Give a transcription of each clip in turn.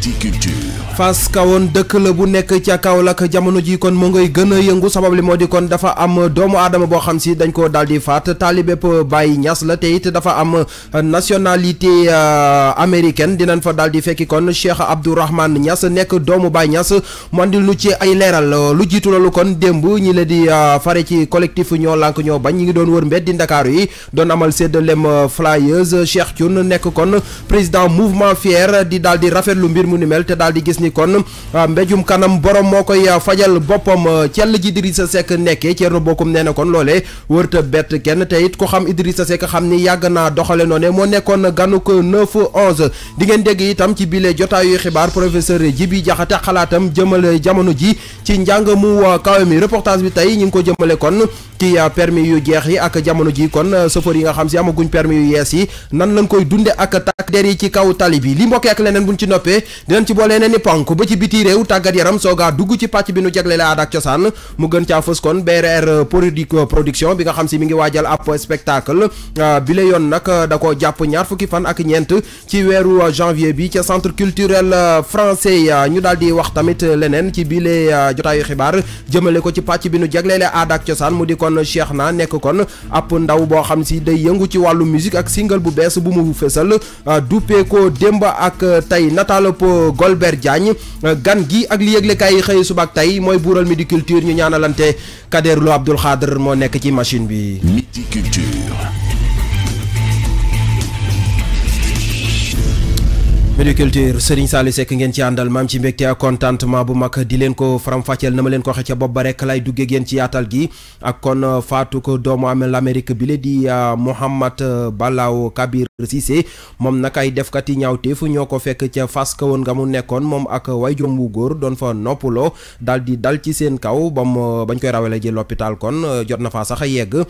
Viticulture. fas on dekk la bu nekk ca Kaolack jamono ji kon mo ngay gën yëngu sabab li modi kon dafa am doomu adama bo xam si dañ ko daldi fat talibé po Baye ñass la te it dafa am nationalité euh, américaine dinañ fa daldi di fekki kon Cheikh abdourahman ñass nekk doomu Baye ñass mu lu ci ay leral euh, lu jitu loolu kon démb ñi la di euh, faré ci collectif ño lank ño bañ ñi ngi doon wër mbedd di yi doon amal lem flyers Cheikh Thioune nekk kon président mouvement fier di daldi di lu mbir mu ni mel te daldi gis ni kon ah, mbéjum kanam borom moo koy ah, fajal boppam ah, cell ji Idrissa Seck nekkee Thierno Bocoum nee na kon loolee wërta bett kenn te it ko xam Idrissa Seck xam ni yàgg naa doxale noone moo nekkoon na ganuk 9 11 di ngeen dégg itam ci bile jotaayu xibaar ji bi Diakhaté xalaatam jëmale jamono ji ci njàng mu kawe mi reportage bi tey ñu ngi ko jëmale kon ci euh, permis yu jeex yi ak jamono ji kon sofor euh, yi nga xam si amaguñ permis yu yees yi nan lañ koy dunde ak tak der yi ci kaw tali bi li mbokkee ak leneen buñ ci noppé dinañ ci bolé ne ponk ba ci biti rew tagat yaram soga dugg ci patch bi nu jagle la ak mu gën ci afos kon BRR euh, production bi nga xam si mi ngi waajal app spectacle bi lay yon nak da ko japp ñaar fukki fan ak ñent ci wéru janvier bi ci centre culturel français ya. ñu daldi di wax tamit leneen ci lay jotay xibar jëmele ko ci patch bi nu jagle la adak ciosan mu di ko kon Cheikh na nekk kon ab ndaw boo xam si day yëngu ci wàllu musique ak single bu bees bu mu fësal euh, duppee ko démb ak euh, tey nataal po Golbert Diagne euh, gan gi ak li yëglekaay yi xëy suba ak tey mooy buural Midi Culture ñu ñaanalante Kader Lo Abdoul Khadr moo nekk ci machine bi. Mediculture Serigne Sall Seck ngén ci andal mam ci mbékté ak contentement bu mak di len ko faram-fàcceel na ma len ko xé ci bob ba rek lay duggé ngeen ci yatal gi ak kon euh, Fatou ko doomu amel l'Amérique bi lé di euh, Mohamed euh, Balao Kabir Cissé moom nag ay defkati ñaawteef ñoo ñoko fekk ci fas ka won nga mu nékkon mom ak wayjum wu gor don fa nopulo dal di dal ci sen kaw bam bañ koy rawalé ji l'hôpital kon jot na faa sax yegg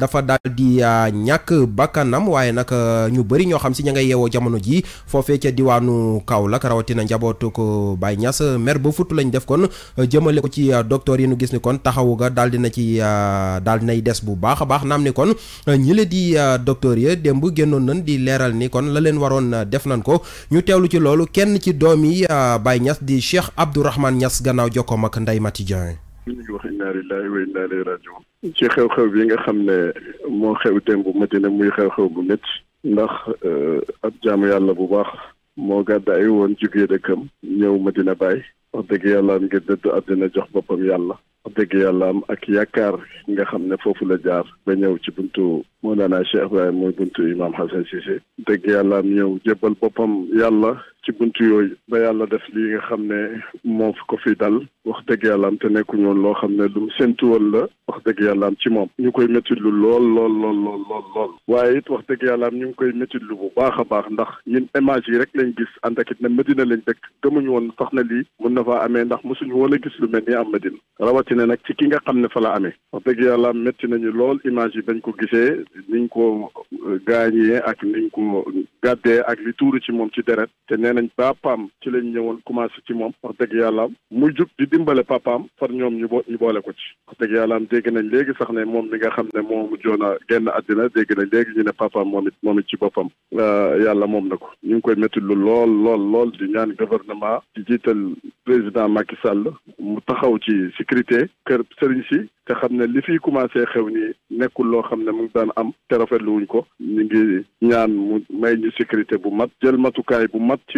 dafa dal di ñak bakanam wayé nak ñu bari ño xam si ñay yéwo jamono ji fofé ci diwaanu Kaolack rawatina njabootu ko Baye Niass mer ba futt lañu def kon jëmale ko ci ah, docteur yi nu gis ni kon taxawu ga daal dina ci ah, daal dinay des bu baax a baax naam ni kon ñi la di ah, docteur ya démb génnoon nañ di leeral ni kon la leen waroon def nañ ko ñu teewlu ci loolu kenn ci doom yi Baye ñas di Cheikh Abdourahmane ñas gannaaw jokkoom ak Ndeye Mati Dieng ñu wax inna lillahi wa inna ci xew-xew bi nga xam ne moo xew démb Madina muy xew-xew bu métti ndax euh, ab jaamu yàlla bu baax moo gàddaay woon jugee dëkkam ñëw ma Medina Baye wax dëgg yàlla am ngir dëddu àddina jox boppam yàlla wax dëgg yàlla am ak yaakaar nga xam ne foofu la jaar ba ñëw ci buntu daana Cheikh Ibrahim mooy buntu Imam Hassan si dëgg yàlla am ñëw jébbal boppam yàlla ci bunt yooyu ba yàlla def lii nga xam ne moo ko fi dal wax dëgg yàlla am te nekkul woon loo xam ne lu mu séntu woon la wax dëgg yàlla am ci moom ñu koy méttitlu lool lool lool lool lool lool waaye it wax dëgg yàlla am ñu ngi koy méttitlu bu baax a baax ndax ñun image yi rek lañ gis ànd ak it ne Medina lañ dëkk gëmuñu woon sax na lii mun na faa amee ndax mosuñu woon a gis lu mel ni am Medina rawatina nag ci ki nga xam ne fa la amee wax dëgg yàlla métti nañu lool image yi bañ ko gisee niñ ko gaañee ak niñ ko gàddee ak ci moom ci deret nee nañ papaam ci lañ ñëwoon commencé ci moom wax dëgg yàllaam muy jug di dimbale papaam far ñoom ñu bo ñu boole ko ci wax dëgg yàllaam dégg nañ léegi sax ne moom mi nga xam ne moom mujjoon a génn àddina dégg nañ léegi ñu ne papaam moom it moom ci boppam euh, yàlla moom na ko ñu ngi koy métti lu lool lool lool di ñaan gouvernement ci jiital président Macky Sall mu taxaw ci sécurité kër sëriñ si te xam ne li fi commencé xew ni nekkul loo xam ne mu ngi daan am te rafetlu wuñ ko bu mat jël matukaay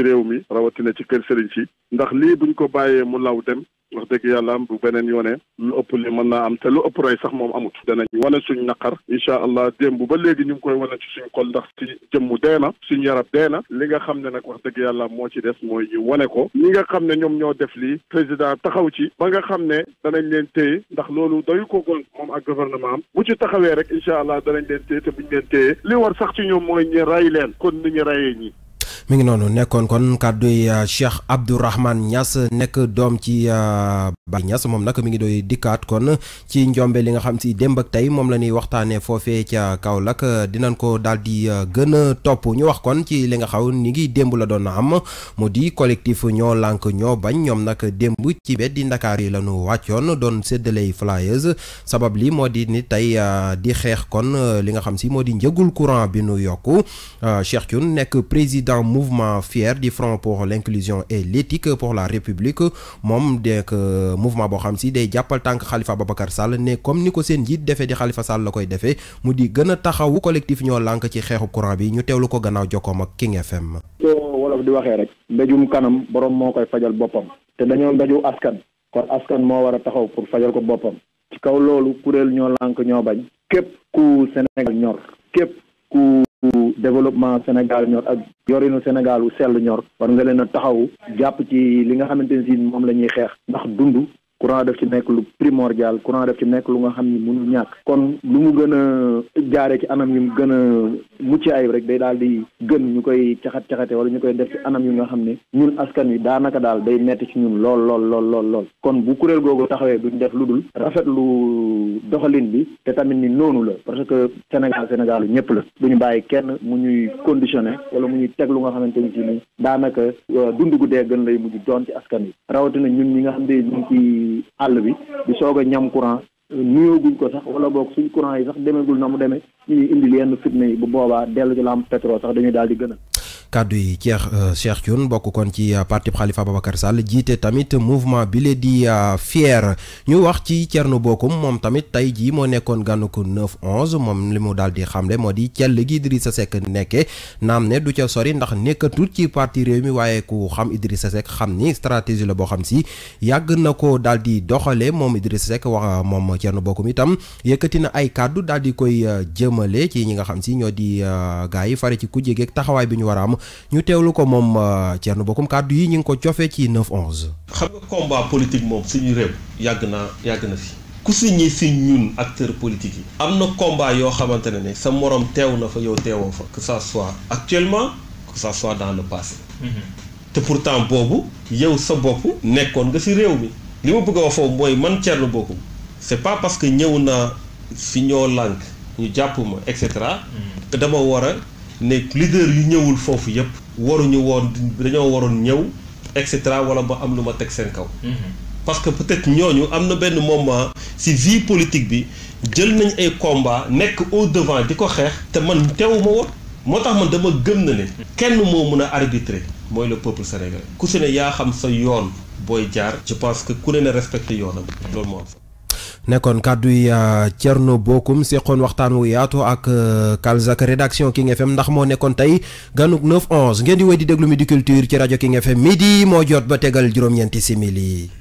réew mi rawatina ci kër sëriñ si ndax lii buñ ko bàyyee mu law dem wax dëgg yàlla bu beneen yoone lu ëpp li mën naa am te lu ëpp rey sax moom amut danañ wane suñ naqar incha allah démb ba léegi ñu ngi koy wane ci suñ xol ndax ci jëmm deena suñ yarab na li nga xam ne nag wax dëgg yàlla moo ci des mooy ñu wane ko li nga xam ne ñoom ñoo def lii président taxaw ci ba nga xam ne danañ leen téye ndax loolu dayu ko gon moom ak gouvernement am bu ci taxawee rek incha allah danañ leen li war sax ci ñoom mooy ñu rey leen kon ni ñu reyee ñi mi ngi noonu nekkoon kon kàdduy euh, Cheikh Abdourahmane ñas nekk doom ci euh, Baye ñas moom nag mi ngi doy dikkaat kon ci njombe li nga xam si démb ak tey moom la ñuy waxtaanee foofee ca Kaolack dinañ ko daal di euh, gën a topp ñu wax kon ci li nga xaw ni ngi démb la doon am mu di collectif ñoo lànk ñoo bañ ñoom nag démb ci beddi Ndakaar yi la ñu wàccoon doon séddale flyers sabab li moo di ni tey di xeex kon li nga xam si moo di njëgul courant bi nu yokku Cheikh Thioune nekk président mouvement FIER du front pour l'inclusion et l'éthique pour la république moom dek euh, mouvement bo xam si day jappal tank Khalifa Babacar Sall ne comme niko sen yit njiit di Khalifa Sall la koy defee mu di gëna a taxawu collectif ño lank ci xéxu courant bi ñu tewlu ko gannaaw jokkoom ak King FM. soo wolof di waxé rek mbéjum kanam borom mo koy fajal bopam té dañoo mbéju askan kon askan mo wara taxaw pour fajal ko bopam ci kaw lolu kurel ño lank ño bañ képp ku Sénégal ñor képp ku développement Sénégal ñor ak yorinu Sénégal wu sell ñor war nga leen a taxaw jàpp ci li nga xamante ne si moom la ñuy xeex ndax dund courant daf ci nekk lu primordial courant daf ci nekk lu nga xam ni mënul ñàkk kon lu mu gën a jaare ci anam yu mu gën a mucc ayib rek day daal di gën ñu koy caxat-caxate wala ñu koy def ci anam yu nga xam ne ñun askan wi daanaka day metti ci ñun lool lool lool lool lool kon bu kuréel googu taxawee duñ def lu dul rafet rafetlu doxalin bi te tamit ni noonu la parce que Sénégal Sénégal ñëpp la duñu bàyyi kenn mu ñuy conditionné wala mu ñuy teg lu nga xamante ni ci ni daanaka euh, dund gu dee gën lay mu doon ci askan yi rawatina ñun ñi nga xam ne àll bi di soog a ñam courant euh, nuyooguñ ko sax wala boog suñ courant yi sax demeegul na mu demee ñu ngi indil yenn fitna yi bu boobaa dellu la am pétrole sax dañuy daal di gën a kàddu yi ceex euh, Cheikh Thioune bokk kon ci euh, parti Khalifa Babacar Sall jiite tamit mouvement bi lee di euh, fier ñu wax ci Thierno Bocoum moom tamit tey jii moo nekkoon gànnu ko 9 11 moom li mu daal di xamle moo di cell gi Idrissa Seck nekke naam ne du ca sori ndax nekkatut ci parti réew mi waaye ku xam Idrissa Seck xam ni stratégie la boo xam si yàgg na ko daal di doxalee moom Idrissa Seck wax moom Thierno bokkum itam yëkkati na ay kàddu daal di koy jëmale ci ñi nga xam si ñoo di gars yi fare ci ku jégeeg taxawaay bi ñu war a am ñu lu ko moom euh, Thierno Bocoum kàddu yi ñu ngi ko cofee ci 9-11. xam nga komba politique moom suñu réew yàgg naa yàgg na fi. ku si ñi si ñun acteurs politiques yi. am na combat yoo xamante ne ne sa morom teew na fa yow teewoo fa. que ça soit actuellement que ça soit dans le passé. Mhm. te pourtant boobu yow sa bopp nekkoon nga si réew mi. li ma bëgg a wax mooy man Thierno Bocoum c'est pas parce que ñëw naa fi ñoo lànk ñu jàpp ma et cetera. Mhm. dama war ne leader yu ñëwul foofu yëpp waruñu woon dañoo waroon ñëw et cetera wala ba am lu ma teg seen kaw. Mhm. parce que peut-être ñooñu am na benn moment ci vie politique bi jël nañ ay combat nekk au devant di ko xeex te man teewuma woon moo tax man dama gëm na ne kenn moo mën a arbitrer mooy le peuple sénégal ku si ne yaa xam sa yoon booy jaar je pense que ku ne ne respecté yoonam loolu moo am nekkoon kàddu yi euh, Thierno Bokum seqoon waxtaan wu yaatu ak euh, Kalzak rédaction nga FM ndax moo nekkoon tey ganuk 9 11 ngeen di wéy di déglu mi di Culture ci rajo ki King FM di moo jot ba tegal juróom-ñeenti simili.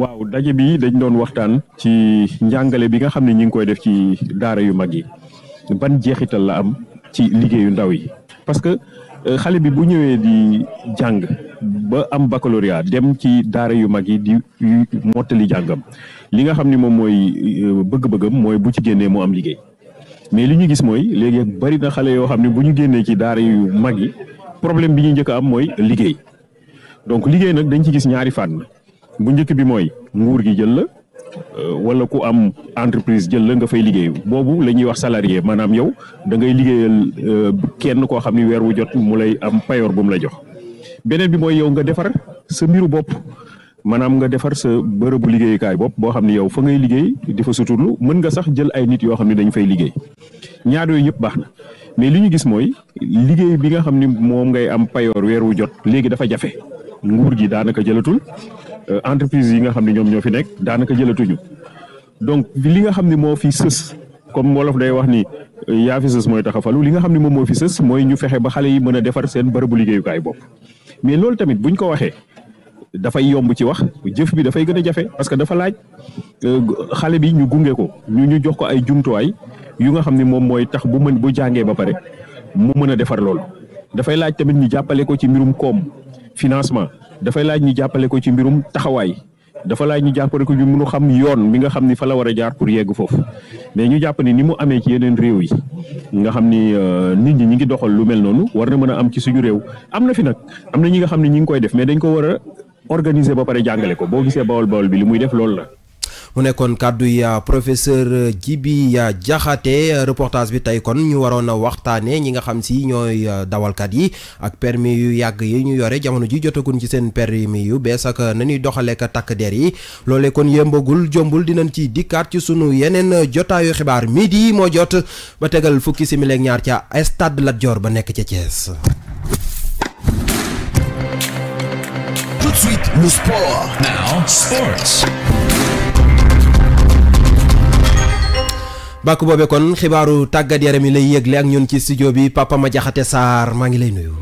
waaw daje bi dañ doon waxtaan ci njàngale bi nga xam ne ñi ngi koy def ci daara yu mag yi ban jeexital la am ci liggéeyu ndaw yi parce que euh, xale bi bu ñëwee di jàng ba am baccalauréat dem ci daara yu mag yi di mottali jàngam li nga xam ni moom mooy euh, bëgg-bëggam mooy bu ci génnee mu am liggéey mais li ñu gis mooy léegi bari na xale yoo xam ne bu ñu génnee ci daara yu mag yi problème bi ñu njëkk a am mooy liggéey donc liggéey nag dañ ci gis ñaari fànn bu njëkk bi mooy nguur gi jël la euh, wala ku am entreprise jël la nga fay liggéey boobu la ñuy wax salarié maanaam yow dangay ngay liggéeyal euh, kenn koo xam ni weer wu jot mu lay am payoor bu mu la jox beneen bi mooy yow nga defar sa mbiru bopp maanaam nga defar sa bërëbu liggéeyukaay bopp boo xam ne yow fa ngay liggéey di fa suturlu mën nga sax jël ay nit yoo xam ne dañ fay liggéey ñaar yooyu yëpp baax mais li ñu gis mooy liggéey bi nga xam ni moom ngay am payoor weer wu jot léegi dafa jafe nguur gi daanaka jëlatul Euh, entreprise yi nga xam ne ñoom ñoo fi nekk daanaka jëlatuñu donc li nga xam ni moo fi sës comme wolof day wax ni euh, yaa fi sës mooy taxafalu li nga xam ne moom moo fi sës ñu fexe ba xale yi mën a defar seen bërëbu liggéeyukaay bopp mais loolu tamit buñ ko waxee dafay yomb ci wax jëf bi dafay gën a jafe parce que dafa laaj euh, xale bi ñu gunge ko ñu ñu jox ko ay jumtuwaay yu nga xam ne moom mooy tax bu mën bu jàngee ba pare mu mën a defar loolu dafay laaj tamit ñu jàppale ko ci mbirum koom financement dafay laaj ñu jàppale ko ci mbirum taxawaay dafa laaj ñu jàppale ñu munu xam yoon mi nga xam ni fa la war a jaar pour yegg foofu mais ñu jàpp ni ni mu amee ci yeneen réew yi nga xam ni euh, nit ñi ñi ngi doxal lu mel noonu war na mën a am ci suñu réew am na fi nag am na ñi nga xam ne ñi ngi koy def mais dañ ko war a organiser ba pare jàngale ko boo gisee bawol bawol bi lu muy def loolu la mu kon kaddu ya professeur Djibi ya Jaxate reportage bi tay kon ñu warona waxtane ñi nga xam ñoy euh, dawal kat yi ak permis yu yag yi ñu yoré jamono ji jotagun ci sen permis yu bes ak na doxale ka tak der yi lolé kon yembagul jombul dinañ ci dikkat ci sunu yeneen jotaayu xibar midi mo jot ba tegal fukki simili ak ñaar ca stade la Dior ba nek ci Thiès. le sport. Now, sports. bàkk boobee kon xibaaru tàggat yaram yi lay yëgle ak ñun ci studio bi Papa jaxate Sarr maa ngi lay nuyu.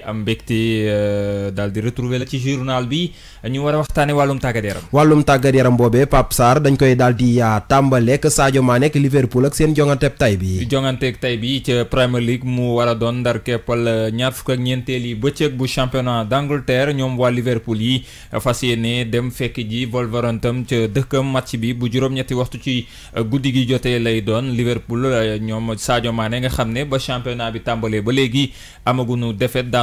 di am mbégte euh, daal di retrouver la ci journal bi ñu war a waxtaane wàllum tàggat yaram wàllum tàggat yaram boobee Pape Sarr dañ koy daal di euh, tàmbaleek Sadio Mané ak Liverpool ak seen jonganteeg tay bi jonganteeg tay League mu war a doon ndar keppal euh, ñaar fukk ak ñeenteel yi bëccëg bu championnat d'Angleterre ñoom waa Liverpool yi fas yéene dem fekk ji Wolverhampton ca dëkkam match bi bu juróom-ñetti waxtu ci guddi gi jotee lay doon Liverpool ñoom Sadio Mané nga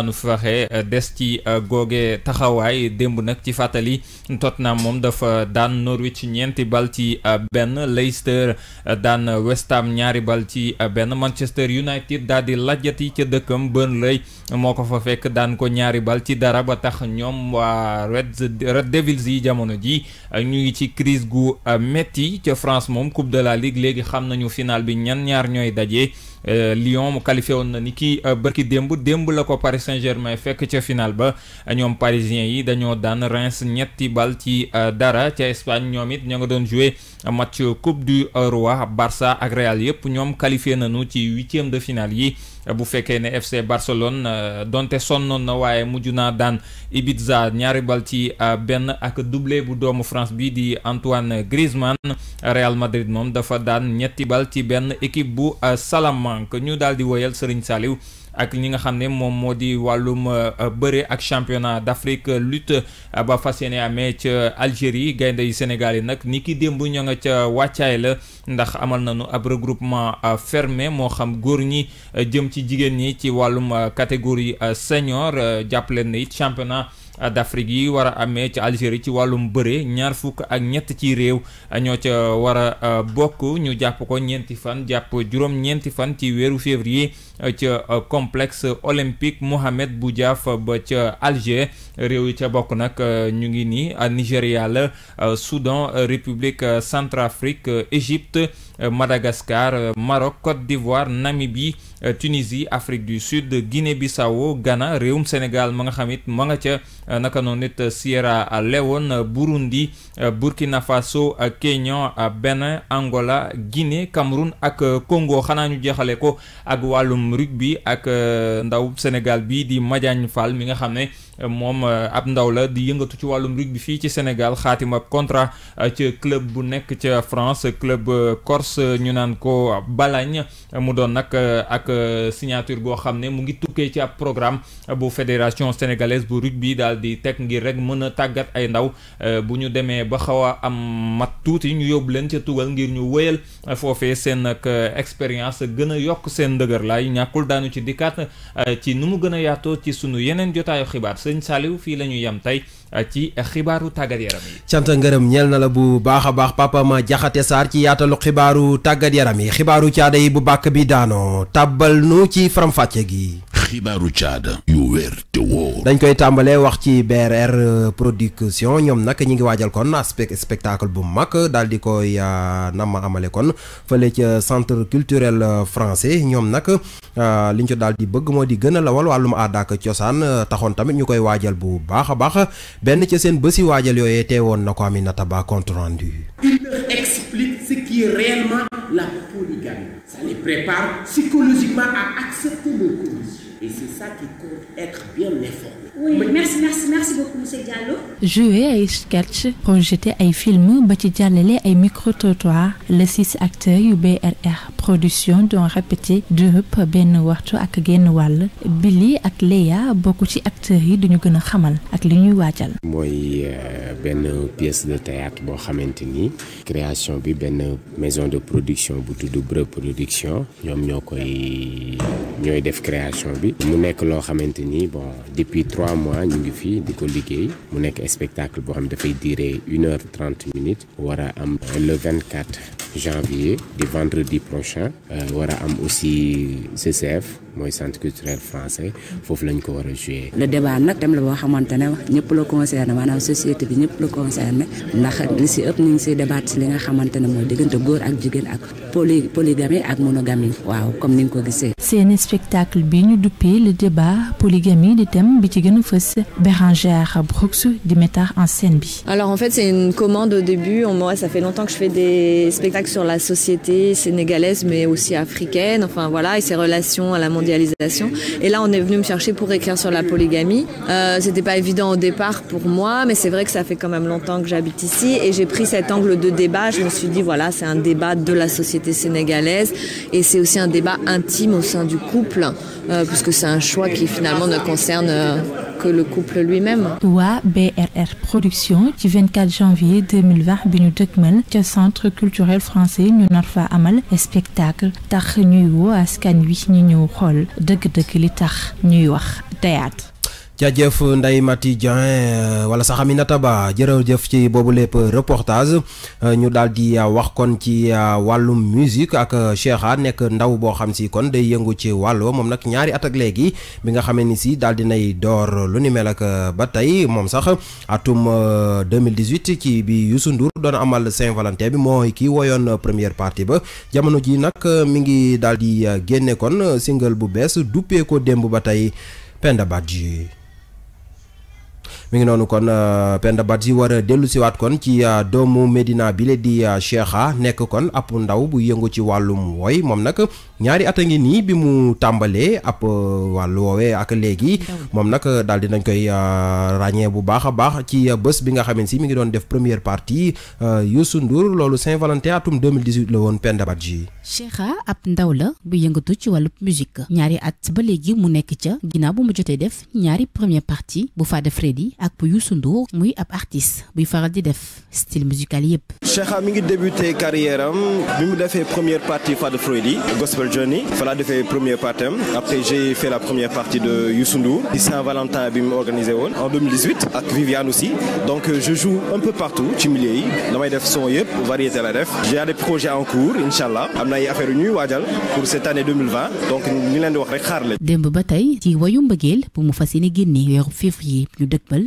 daanuf euh, des ci euh, googe taxawaay démb nag ci fàttali Tottenham moom dafa daan Norwich ñeenti bal ci euh, benn Leicester daan West ñaari bal ci benn Manchester United daal di lajjati ca dëkkam Burnley moo ko fa fekk daan ko ñaari bal ci dara ba tax ñoom waa Red Red Devils yi jamono ji ñu ngi ci crise gu metti ca France moom Coupe de la Ligue léegi xam nañu final bi ñan ñaar ñooy daje Euh, Lyon mu qualifié woon na ni kii ki euh, démb démb la ko Paris Saint-Germain fekk ca final ba ñoom parisien yi dañoo daan Reims ñetti bal ci euh, dara ca Espagne ñoom it ñoo nga doon jouer match coupe du roi Barça ak Real yëpp ñoom qualifié nañu ci huitième de finale yi bu fekkee ne FC Barcelone euh, donte sonnoon na waaye mujj naa daan Ibiza ñaari bal ci euh, benn ak doublé bu doomu France bi di Antoine Griezmann Real Madrid moom dafa daan ñetti bal ci benn équipe bu euh, Salamanque ñu daal di woyal Serigne Saliou. ak ñi nga xam ne moom moo di wàllum euh, bëre ak championnat d'Afrique lutte euh, ba fas yéene amee ca Algérie gaynde yu Sénégal yi nag ni ki démb ñu nga ca wàccaay la ndax amal nañu ab regroupement euh, fermé moo xam góor ñi jëm ci jigéen ñi ci wàllum catégorie senior jàppaleen na it championnat d'Afrique yi war a amee ci Algérie ci wàllum bëre ñaar fukk ak ñett ci réew ñoo ca war a bokk ñu jàpp ko ñeenti fan jàpp juróom ñeenti fan ci weeru février Euh, euh, complexe olympique Mohamed Boudiaf euh, ba Alger réew yi Nigeria bokk ñu ngi nigeria Soudan République Centrafrique Égypte Madagascar Maroc Côte d'Ivoire Namibie Tunisie Afrique du Sud Guinée-Bissau Ghana réewum Sénégal ma nga xamit ma nga Sierra Leone Burundi Burkina Faso Kenya Benin Angola Guinée Cameroun ak Congo xanaa ñu jeexale ko ak rugby ak euh, ndaw Sénégal bii di Madiagne Fall mi nga xam ne moom euh, ab ndaw la di yëngatu ci wàllum rugby fii ci Sénégal xaatima contrat euh, ci club bu nekk ca France club euh, Corse ñu naan ko Balagne mu doon nag ak signature goo xam ne mu ngi tukkee ci ab programme bu fédération sénégalaise bu rugby daal di teg ngir rek mën a tàggat ay ndaw bu ñu demee ba xaw a am mat tuuti ñu yóbbu leen ca tugal ngir ñu wëyal foofee seen expérience gën a yokk seen ndëgër laay ñàkkul daanu ci dikkaat ci nu mu gën a yaatoo ci sunu yeneen jotaayu xibaar sëñ Saliou fii la ñu yem tey euh, ci xibaaru tàggat yaram yi. cant ngërëm ñeel na la bu baax a baax papa ma jaxate saar ci yaatalu xibaaru tàggat yaram yi xibaaru caada yi bu bàkk bi daanoo tàbbal nu ci faram gi. xibaaru caada dañ koy tàmbalee wax ci BRR euh, production ñoom nag ñi ngi waajal kon aspect spectacle bu mag daal di koy euh, nama amale kon fële ca centre culturel euh, français ñoom nag li ñu ci daal di bëgg moo di gën a lawal wàllum aada ak cosaan taxoon tamit ñu koy waajal bu baax a baax benn ca seen bësi waajal yooyee teewoon na ko Aminata Ba compte rendu. Il leur explique ce qui est la polygamie. Ça les prépare psychologiquement à accepter nos conditions. Et c'est ça qui compte, être bien informé oui merci merci merci beaucoup M. Diallo. jouer à sketch projeter ay film ba ci et micro trottoir les six acteurs UBRR BRR production dont répété deux Ben waxtu ak genn wal Billy et Léa, beaucoup d'acteurs acteurs yi duñu et a nous ak Moi, ñuy une euh, pièce de théâtre boo xamante création bi maison de production une double production nous avons koy def création bi mu nekk loo bon depuis trois moi, je suis de collègues. Je un spectacle qui a duré 1h30 ou 24h janvier du vendredi prochain il euh, y am aussi CCF mooy centre culturel français pour lañ ko wara jouer le débat nak tam la boo xamante ne la concerné société bi ñepp la concerné ndax li ci ëpp ñu ci débat ci li nga xamantene moy digënté diggante ak jigéen ak poly polygamie ak monogamie waaw comme ni nga ko C'est un spectacle bi ñu duppé le débat polygamie di thème bi ci gën a fës Bérangère Brooks di en scène bi. alors en fait c'est une commande au début moi ça fait longtemps que je fais des spectacles sur la société sénégalaise, mais aussi africaine, enfin voilà, et ses relations à la mondialisation. Et là, on est venu me chercher pour écrire sur la polygamie. Euh, c'était pas évident au départ pour moi, mais c'est vrai que ça fait quand même longtemps que j'habite ici, et j'ai pris cet angle de débat. Je me suis dit, voilà, c'est un débat de la société sénégalaise, et c'est aussi un débat intime au sein du couple, euh, puisque c'est un choix qui finalement ne concerne euh, que le couple lui-même. Oua, BRR production du 24 janvier 2020 bi Dekmel, le centre culturel français ñu Narfa Amal, amal spectacle Tach ñuy à askan wi ñu ñëw xool li tax ñuy théâtre jaajëf Ndeye Maty Dieng euh, wala sax Aminata Ba jërëjëf ci boobu lépp reportage euh, ñu daal di euh, wax kon ci wàllum musique ak Cheikha nekk ndaw boo xam si kon day yëngu ci wàllu moom nag ñaari at ak léegi bi nga xamee ni si daal di nay door lu ni mel ba tey moom sax atum 2018 ci bi Youssou Ndour doon amal Saint-Valentin bi mooy kii woyoon première partie ba jamono ji nag mi ngi daal di génne kon single bu bees duppee ko démb ba tey Penda Badji mi ngi noonu kon euh, Penda Badji war a dellu siwaat kon ci euh, doomu Medina bile di euh, Cheikha nekk kon ab ndaw bu yëngu ci wàllum woy moom nag at a ngi nii bi mu tàmbalee ab wàllu woowee ak léegi moom nag daal dinañ koy ràññee bu baax a baax ci bés bi nga xamante si mi ngi doon def première partie Youssou Ndour loolu Saint-Valentin atum 2018 la woon Penda Badji Cheikha ab ndaw la bu yëngatu ci wàllub musique ñaari at ba léegi mu nekk ca ginnaaw bu mu jotee def ñaari première partie bu faa Fada Freddy ak bu Youssou Ndour muy ab artiste buy faral di def style musical yëpp. Cheikha mi ngi débuté carrière am bi mu defee première partie Fadou Freddy Gospel Journey fala fait defee première partie après j'ai fait la première partie de Youssou Ndour ci Saint-Valentin bi mu organisé woon en 2018 ak Viviane aussi donc euh, je joue un peu partout ci milieu yi damay def son yëpp variété la def j'ai des projets en cours incha allah am na ay affaires ñuy waajal pour cette année 2020 donc ñu leen di wax rek xaar la. démb ba tey ci wayu mbëggeel bu mu fas yéene février ñu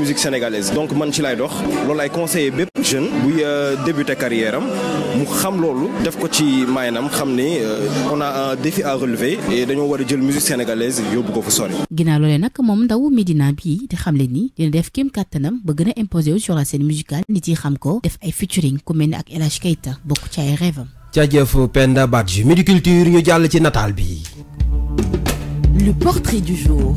musique sénégalaise donc man ci lay dox conseiller jeune oui, euh, débuter carrière am mu xam loolu def ko ci mayanam xam ne euh, on a un défi à relever et dañoo war a jël musique sénégalaise yóbbu ko fu sori. ginnaaw loolee nag moom ndaw Medina bi di xamle ni dina def kéem kàttanam ba gën imposer sur la scène musicale nit yi xam ko def ay featuring ku mel ni ak El Hadj Keita bokk ci ay rêve am. Penda Badji Midi Culture ñu jàll ci bi. Le portrait du jour.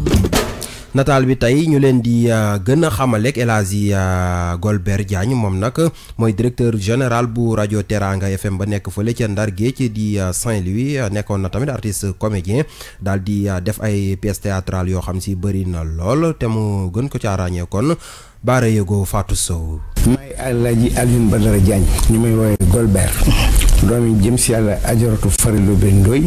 nataal bi tey ñu leen di euh, gën a xamalek El Hadji euh, Golbert Diagne moom nag mooy directeur général bu rajo Teranga FM ba nekk fële ca Ndar ci di euh, Saint-Louis nekkoon na tamit artiste comédien dal di def ay pièces théâtrales yoo xam si bëri na lool te mu gën ko caa ràññee kon baara yëgoo faatu Sow. may El Hadji Alioune Badara Diagne ñu may woowee Golbert. doomi jëm si yàlla ajaratu farilu be ndoy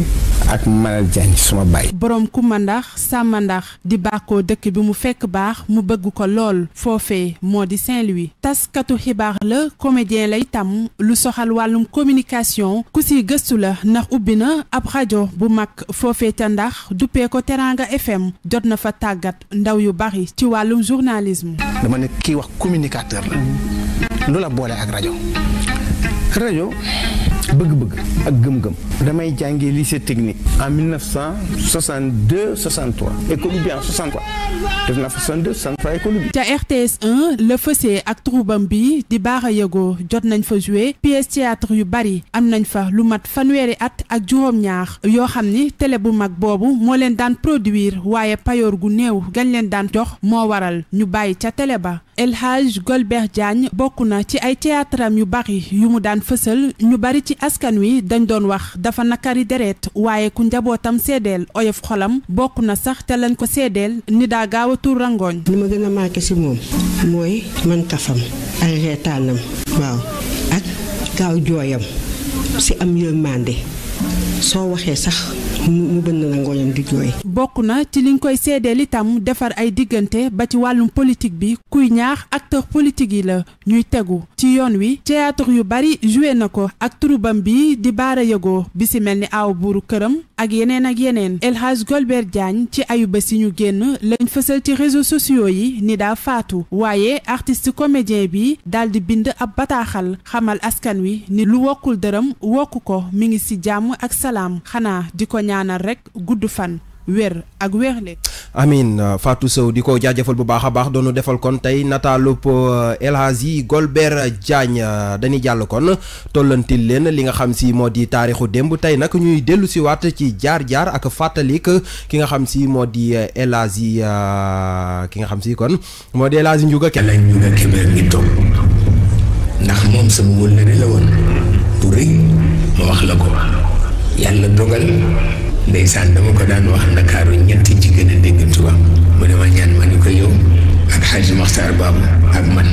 ak malal jaañ suma baay borom kumba ndax sàmma ndax di bàkkoo dëkk bi mu fekk baax mu bëgg ko lool foofee moo di Saint-Louis taskatu xibaar la comédien lay tam lu soxal wàllum communication ku si gëstu la ndax ubbi na ab rajo bu mag foofe ca ndax duppee ko Teranga FM jot na fa tàggat ndaw yu bari ci wàllum journalisme dama ne kii wax communicateur la lu la boole ak rajo rajo bëgg-bëgg ak gëm-gëm damay jàngee lycée technique en 1962 63 école bi en 63 def naa 63 école bi. ca RTS 1 le fësee ak troubam bi di baax a yëgoo jot nañ fa joué pièce théâtre yu bari am nañ fa lu mat fanweeri at ak juróom-ñaar yoo xam ni télé bu mag boobu moo leen daan produire waaye payoor gu néew gañ leen daan jox moo waral ñu bàyyi ca télé ba. El Hadj Golbert bokk na ci ay théâtram yu bari yu mu daan fësal ñu bari ci askan wi dañ doon wax dafa nakari deret waaye ku njabootam seedeel oyof xolam bokk na sax te lañ ko seedeel ni daa gaaw a tuur rangooñ. li ma gën a marqué ci moom mooy man kafam ak reetaanam waaw ak gaaw jooyam si am yërmande soo waxee sax mu bënn la ngooñam di jooy. bokk na ci liñ koy seedeel itam defar ay diggante ba ci wàllum politique bi kuy ñaax acteur politique yi la ñuy tegu ci yoon wi théâtre yu bari joué na ko ak turubam bi di baara yëgoo bi si mel ni aw buuru këram ak yeneen ak yeneen El Hadj Golbert Diagne ci ayu bés ñu génn lañ fësal ci réseaux sociaux yi ni daa faatu waaye artiste comédien bi daal di bind ab bataaxal xamal askan wi ni lu wokkul dërëm wokk ko ak salaam xanaa di ko ñaanal rekk gudd fan wér ak wéerle amin euh, Fatou Sow di ko jaajëfal bu baax a baax doonu defal kon tey nataalu nataalub euh, El yi golbeer Diagne euh, dañuy jàll kon tollantil leen li nga xam si moo di taarixu démb tey nag ñuy dellu si ci jaar-jaar ak fàttalik ki nga xam si moo di El Hadji ki nga xam si kon moo di El Hadji Ndiouga Kébé El toog ndax moom sama wëllëre la woon bu rëy ma wax la ko yàlla dogal ndeysaan dama ko daan wax ndakaaru ñetti jigéen a dégg tubaab mu dama ñaan ma ni ko yow ak xaaj Maxtaar Baabu ak man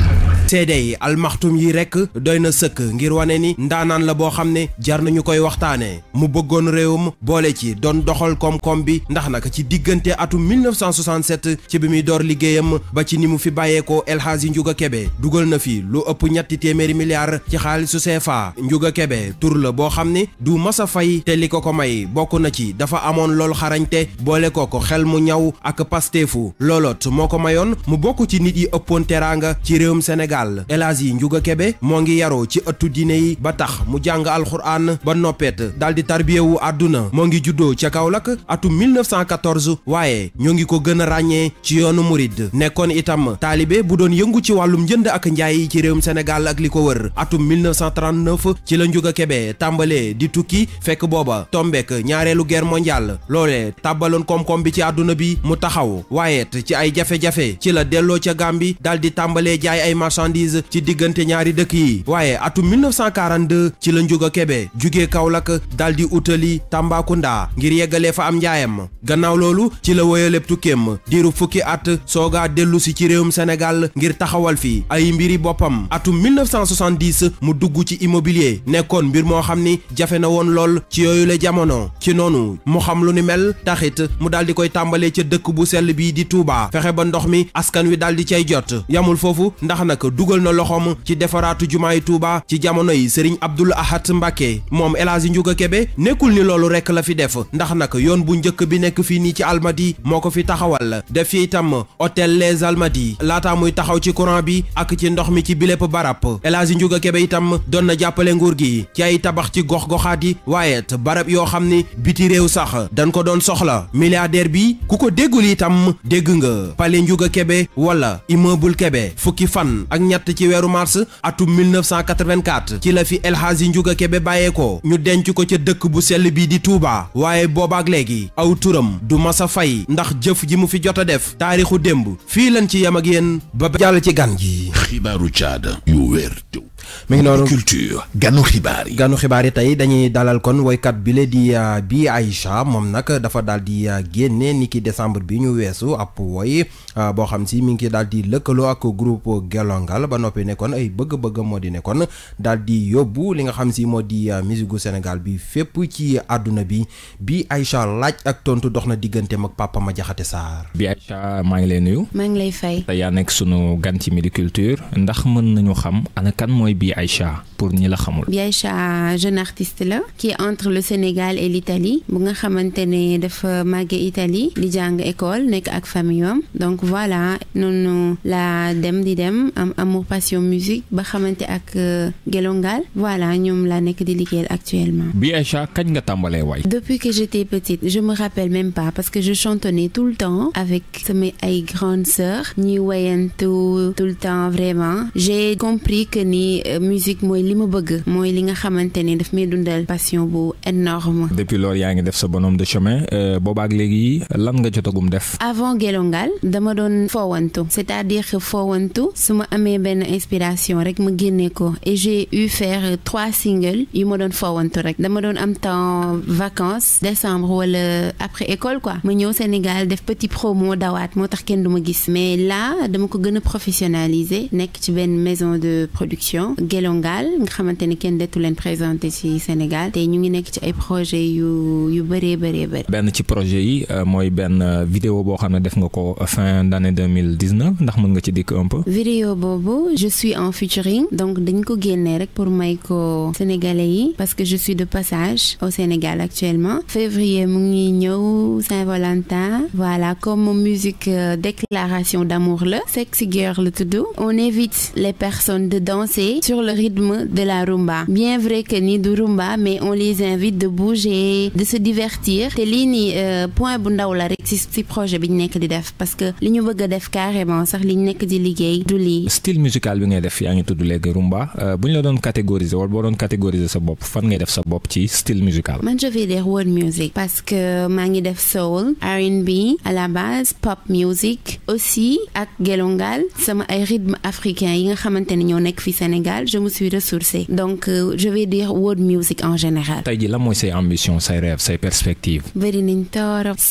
seede yi almaxtum yi rekk doy na sëkk ngir wane ni ndaanaan la boo xam ne jar nañu koy waxtaanee mu bëggoon réewam boole ci doon doxal koom-koom bi ndax naka ci diggante atum 1967 ci bi muy door liggéeyam ba ci ni mu fi bàyyeekoo El Hadji Ndiouga Kébé dugal na fi lu ëpp ñetti téeméeri milliards ci xaalisu CFA Ndiouga kebe tur la boo xam ni du masa fay te li ko ko may bokk na ci dafa amoon loolu xarañte boole ko ko xel mu ñaw ak pasteefu looloot moo ko mayoon mu bokk ci nit yi ëppoon teraanga ci réewum Sénégal Sénégal El Hadji Ndiouga Kébé moo ngi yaro ci ëttu diiné yi ba tax mu jang alcorane ba di wu aduna, mo ngi juddo ci Kaolack atum 1914 wayé ñu ngi ko gëna ragné ci yoonu murid nékkon itam talibé bu doon yëngu ci walum jënd ak njaay ci réewum Sénégal ak liko wër atum 1939 ci la Ndiouga Kébé tambalé di tukki fekk boba tombek ñaareelu guerre mondiale lolé tabalon kom kom bi ci aduna bi mu taxaw wayé ci ay jafe-jafe ci la delloo ci Gambie di tambale jaay ay marché marchandise ci diggante ñaari dëkk yi waaye atu 1942 ci la Ndiouga Kébé jugee Kaolack dal di utali Tambacounda ngir yeggalee fa am njaayam gannaaw loolu ci la woyaleb tukkeem diiru fukki at soogaa dellu si ci réewum senegal ngir taxawal fi ay mbiri boppam atum 1970 mu dugg ci immobilier nekkoon mbir moo xam ni jafe na woon lool ci yooyu la jamono ci noonu mu xam lu ni mel taxit mu daal koy tàmbalee ca dëkk bu sell bii di tuuba fexe ba ndox mi askan wi daal cay jot yamul dugal na loxoom ci defaraatu jumaay Touba ci jamono yi Serigne Abdoul Ahad Mbacké moom El Hadji a kebe nekkul ni loolu rekk la fi def ndax nag yoon bu njëkk bi nekk fii nii ci Almadi moo ko fi taxawal def fi itam hôtel Les Almadi laataa muy taxaw ci courant bi ak ci ndox mi ci bilépp barab El Hadji Ndiouga kebe itam doon na jàppale nguur gi ci ay tabax ci gox-goxaat yi waaye barab yoo xam ni biti réew sax dañ ko doon soxla milliardaire bi ku ko déggul itam dégg nga Palais Ndiouga Kébé wala immeuble Kébé fukki fan ñett ci weeru mars atum 1984 ci la fi El Hadji Ndiouga Kébé bàyyeekoo ñu denc ko ca dëkk bu sell bii di Touba waaye boobaak léegi aw turam du masa fay ndax jëf ji mu fi jot a def taarixu demb fii lan ci yam ak yéen ba jàll ci gan yi xibaaru caada mi ngi nonu culture ganu xibaari ganu xibaari tay dañuy dalal kon bi bile di ah, bi aisha mom nak dafa dal di ah, génne niki décembre bi ñu wessu app way ah, bo xam ci mi ngi dal di lekkelo ak groupe Gelongal ba noppi nekkoon ay bëgg-bëgg modi di nekkoon di yobbu li nga xam ci modi di musique Sénégal bi fépp ci aduna bi bi aisha laaj ak tontu doxna digënté mak papa ma jaxaté sar bi aisha ma ngi lay nuyu. ma ngi lay fay. te ya nek suñu ganti Culture ndax mën nañu xam ana kan moy bi Aïcha pour ñi la xamul. bi Aïcha jeune artiste la qui est entre le Sénégal et l'Italie bu nga xamantene dafa màgge Italie di jang école nek ak famille am donc voilà non la dem di dem amour passion musique ba xamanté ak euh, gelongal voilà ñom la nek di liguel actuellement. bi Aïcha kañ nga tambalé way depuis que j'étais petite je me rappelle même pas parce que je chantonnais tout le temps avec mes ay grandes sœurs way wayantu tout le temps vraiment j'ai compris que ni euh, musique moy lima bëgg moy li nga xamante ne daf may dundal passion bu énorme depuis lor yaa ngi def sa bonhomme de chemin euh, boobaak léegi lan nga jotagum def avant gelongal dama doon foowantu c'est-à-dire que foowantu su ma amee benn inspiration rek ma génnee ko et j'ai eu faire trois singles yu ma doon foowantu rek dama doon am temps vacances décembre wala après école quoi ma ñëw Sénégal def petit promo dawaat moo tax kenn du ma gis mais là dama ko gën a professionnaliser nekk ci benn maison de production Gelongal nga xamanteni kenn dettu len présenter ci Sénégal té ñu ngi nekk ci ay projet yu yu bëree bëree bëri. benn ci projet yi euh, moy ben euh, vidéo bo xamné def nga ko euh, fin d'année 2019 ndax mën nga ci dik un peu. vidéo bobu je suis en featuring donc dañ ko génnee rek pour may ko sénégalais yi parce que je suis de passage au Sénégal actuellement février mu ngi ñëw Saint-Valentin voilà comme musique déclaration d'amour le sexy girl la do on évite les personnes de danser sur le rythme de la rumba. Bien vrai que ni du rumba, mais on les invite de bouger, de se divertir. C'est lii euh, point bu ndaw la si ci de projet bi def parce que li ñu bëgg def carrément sax li ñu nekk di liggéey du Le style musical bi ngay def yaa ngi tudd léegi rumba euh, bu ñu la doon catégoriser wala boo doon catégoriser sa bop, fan ngay def sa bop ci style musical. man je vais dire world music parce que maa ngi def soul R&B à la base pop music aussi ak gelongal sama ay rythme africain, yi nga xamante ne ñoo nekk fi Sénégal je me suis ressourcée donc euh, je vais dire world music en général. Taïdi, jii lan c'est ambition c'est rêve c'est perspective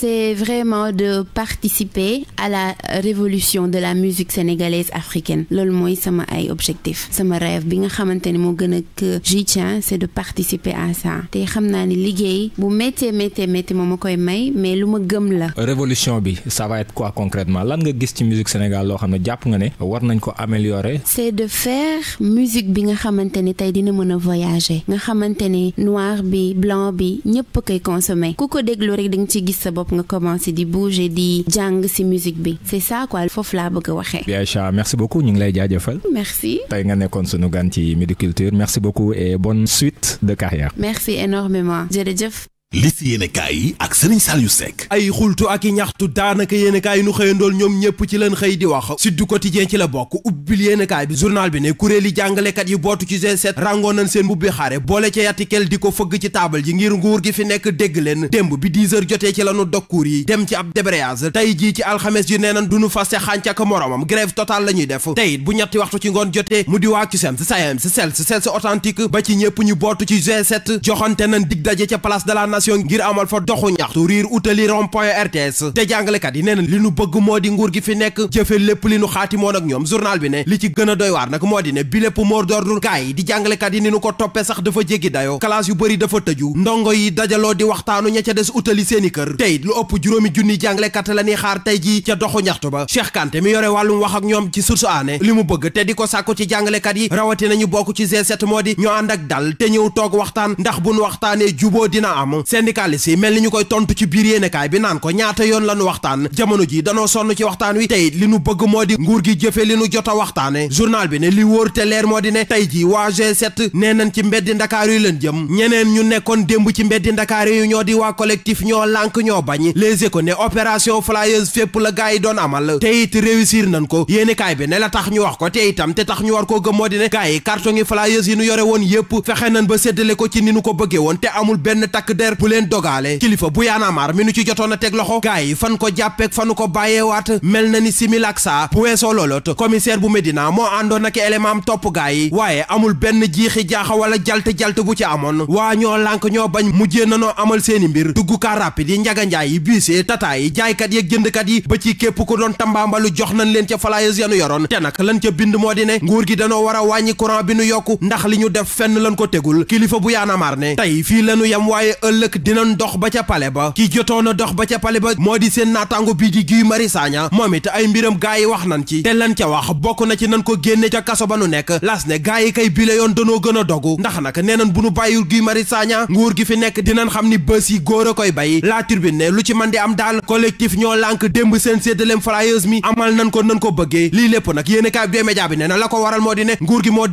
c'est vraiment de participer à la révolution de la musique sénégalaise africaine loolu moi, sama ay objectif mon rêve bi nga xamante que j'y c'est de participer à ça Et xam les ne liggéey bu métier mettez, métier moo mais lu ma gëm la. révolution bi ça va être quoi concrètement lan nga que ci musique Sénégal loo xam ne nga war nañ améliorer. c'est de faire musique bi nga xamante tay dina mëna voyager nga xamante noir bi blanc bi ñepp kay consommer kuko ko déglu rek da nga ci gis sa bop nga commencé di bouger di jang ci musique bi c'est ça quoi fof la bëgg waxé waxee. Aïcha merci beaucoup ñu ngi lay jaajëfal. merci tay nga nekkoon sunu gan ci Midi Culture merci beaucoup et bonne suite de carrière. merci énormément jërëjëf. li si yéenekaay yi ak Serigne Saliou Seck ay xultu ak i ñaxtu daanaka yéenekaay yi xëyandool ñoom ñépp ci leen xëy di wax Sud du Quotidien ci la bokk ubbil yéenekaay bi journal bi ne kuréeli jàngalekat yi bootu ci G7 ràngoo nañ seen mbubbi xaare boole ca yàttikel di ko fëgg ci taabal ji ngir nguur gi fi nekk dégg leen démb bi 10 heures jotee ci lanu dokkuur yi dem ci ab débrayage tey jii ci alxames yu nee nan duñu faste xànc moroomam grève totale la G7 joxante nañ dig daje ca place de la manifestation ngir amal fa doxu ñaxtu riir utali rond RTS te jàngalekat yi nee na li nu bëgg moo di nguur gi fi nekk jëfe lépp li nu xaatimoon ak ñoom journal bi ne li ci gën a doy nag moo di ne bi lépp mor d'ordre gaay yi di jàngalekat yi ni nu ko toppee sax dafa jéggi dayoo classe yu bëri dafa tëju ndongo yi dajaloo di waxtaanu ña ca des utali seeni kër tey lu ëpp juróomi junni jàngalekat la ñuy xaar tey ji ca doxu ñaxtu ba Cheikh Kanté mi yore wàllum wax ak ñoom ci source li mu bëgg te di ko sàkku ci jàngalekat yi rawati nañu bokk ci G7 moo di ñoo ànd ak dal te ñëw toog waxtaan ndax buñ waxtaanee juboo dina syndicaliste yi mel ni ñu koy tontu ci biir yéenekaay bi naan ko ñaata yoon la ñu waxtaan jamono ji danoo sonn ci waxtaan wi tey li nu bëgg moo di nguur gi jëfe li nu jot a waxtaane journal bi ne li wóor te leer moo di ne tey ji waa G7 nee nañ ci mbeddi Ndakaar yu leen jëm ñeneen ñu nekkoon démb ci mbeddi Ndakaar yu ñoo di waa collectif ñoo lànk ñoo bañ Les ko ne opération flyers fépp la gars yi doon amal te it réussir nañ ko yéenekaay bi ne la tax ñu wax ko te itam te tax ñu war koo gëm moo di ne gars yi carton yi flyers nu yore woon yépp fexe nañ ba séddale ko ci ni nu ko bëggee woon benn takk der bu leen dogaale kilifa bu yaanaamaar mi nu ci jotoon a teg loxo gaay yi fan ko jàppeek fanu ko bàyyeewaat mel na ni similaak saa bu weesoo looloot commissaire bu Médina moo àndoon ak élément am topp gaay waaye amul benn jiixi jaaxa wala jalt jalte bu ci amoon waa ñoo lànk ñoo bañ mujjee nanoo amal seeni mbir dugg car rapide yi njaganjaay yi biis yi tata yi jaaykat yeeg jëndkat yi ba ci képp ku doon tambaambalu jox nañ leen ca flyers yanu yoroon te nag lan ca bind moo di ne nguur gi danoo war a wàññi courant bi nu yokku ndax li ñu def fenn lan ko tegul kilifa bu yaanaamaar ne fii lanu yam waaye ëllëg dinañ dox ba ca pale ba ki jotoon a dox ba ca pale ba moo di seen naataango bii di Guy Marius Sagna moom ay mbiram gaa wax nañ ci te lan ca wax bokk na ci nan ko génne ca kaso ba nu nekk las ne gaa kay bi la yoon danoo gën a dogu ndax nag nee nañ bu nu bàyyul Guy Marius Sagna nguur gi fi nekk dinañ xam ni bés yi góor a koy bay la turbine ne lu ci man di am daal collectif ñoo lànk démb seen séddaleem flyers mi amal nañ ko nañ ko bëggee lii lépp nag yéen kaay bi média bi ne na la ko waral moo di ne nguur gi moo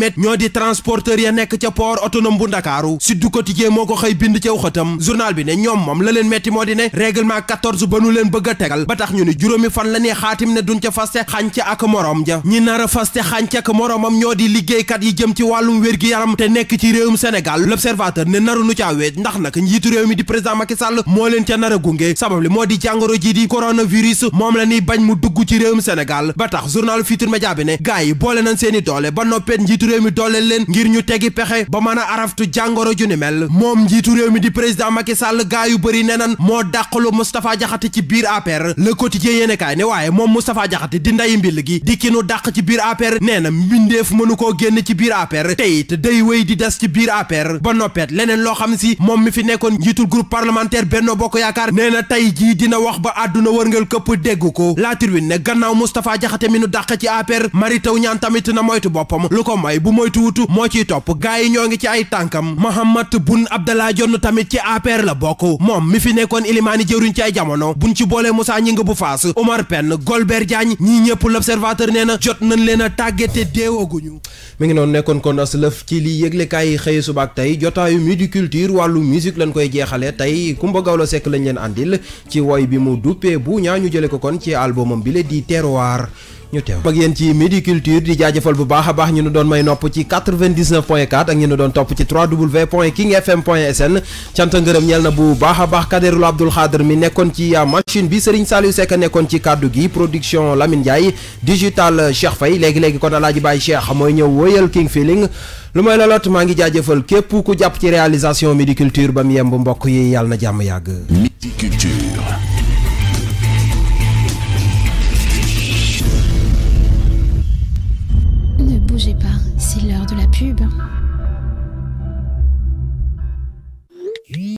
leen ñoo di transporteur ya nekk ca port autonome bu ndakaaru Sud Quotidien moo ko xëy bind ca xëtam journal bi ne ñoom moom la leen metti moo di ne règlement 14 ba nu leen bëgg a tegal ba tax ñu ni juróomi fan la ñuy xaatim ne duñ ca faste xànc ak moroom ja ñi nar a faste xànc ak moroomam ñoo di liggéeykat yi jëm ci wàllum wér-gi-yaram te nekk ci réewum senegal l'observateur ne naru nu caa weet ndax nag njiitu réew mi di président Macky Sall moo leen ca nar gunge sabab moo di jàngoro ji di coronavirus moom la ñuy bañ mu dugg ci réewum Sénégal ba tax journal Futurs Médias bi ne gaay yi boole nañ seeni doole ba noppeet njiitu réew mi dooleel leen ngir ñu tegi pexe ba mën a araftu jàngoro ju ni mel moom njiitu réew mi di président Macky Sall gaa yu bëri nenan moo dàqalu Moustapha Diakhaté ci biir APR le quotidien yéene kaay ne waaye moom Moustapha Diakhaté di ndayi mbill gi di ki nu dàq ci biir APR nee na mbindeef mënu koo génn ci biir APR te it day wéy di des ci biir APR ba noppeet leneen loo xam si moom mi fi nekkoon njiitul groupe parlementaire Benno Bokk Yaakaar nee na tey jii dina wax ba àdduna wërngal këpp dégg ko La Tribune ne gannaaw Moustapha Diakhaté mi nu dàq ci APR Mary Teuw Niane tamit na moytu boppam mooy bu moytuwutu moo ciy topp gaa yi ñoo ngi ci ay tànkam Mahammat Boun Abdallah na tamit ci APR la bokk moom mi fi nekkoon ilimaani jëwriñ ci ay jamono buñ ci boolee ñi nga bu Faas Omar Pène Golbert Diagne ñii ñëpp l'observateur nee na jot nañ leen a tàggate deewooguñu mu ngi noonu nekkoon kon as lëf ci li yëglekaay yi xëye suba ak tey jotaayu midi culture wàllu musique lañ koy jeexalee tey Kumba Gawlo Seck lañ leen andil ci woy bi mu duppee bu ñaa ñu jële ko kon ci albumam bile di terroir ñu teew ak yéen ci midi culture di jaajëfal bu baax a baax ñu nu doon may nopp ci 99 point 4 ak ñu nu doon topp ci 3w point king fm point sn cant ngërëm ñeel na bu baax a baax Kaderul Abdul Xaadir mi nekkoon ci ah, machine bi Serigne Saliou Seck nekkoon ci kàddu gi production Lamine Ndiaye digital euh, Cheikh Faye léegi-léegi kon alaaji Baye Cheikh mooy ñëw wóoyal king feeling lu may loloot maa ngi jaajëfal képp ku jàpp ci réalisation midi culture ba mu yemb mbokk yi yàlla na jàmm yàgg midi culture bougez pas, c'est l'heure de la pub.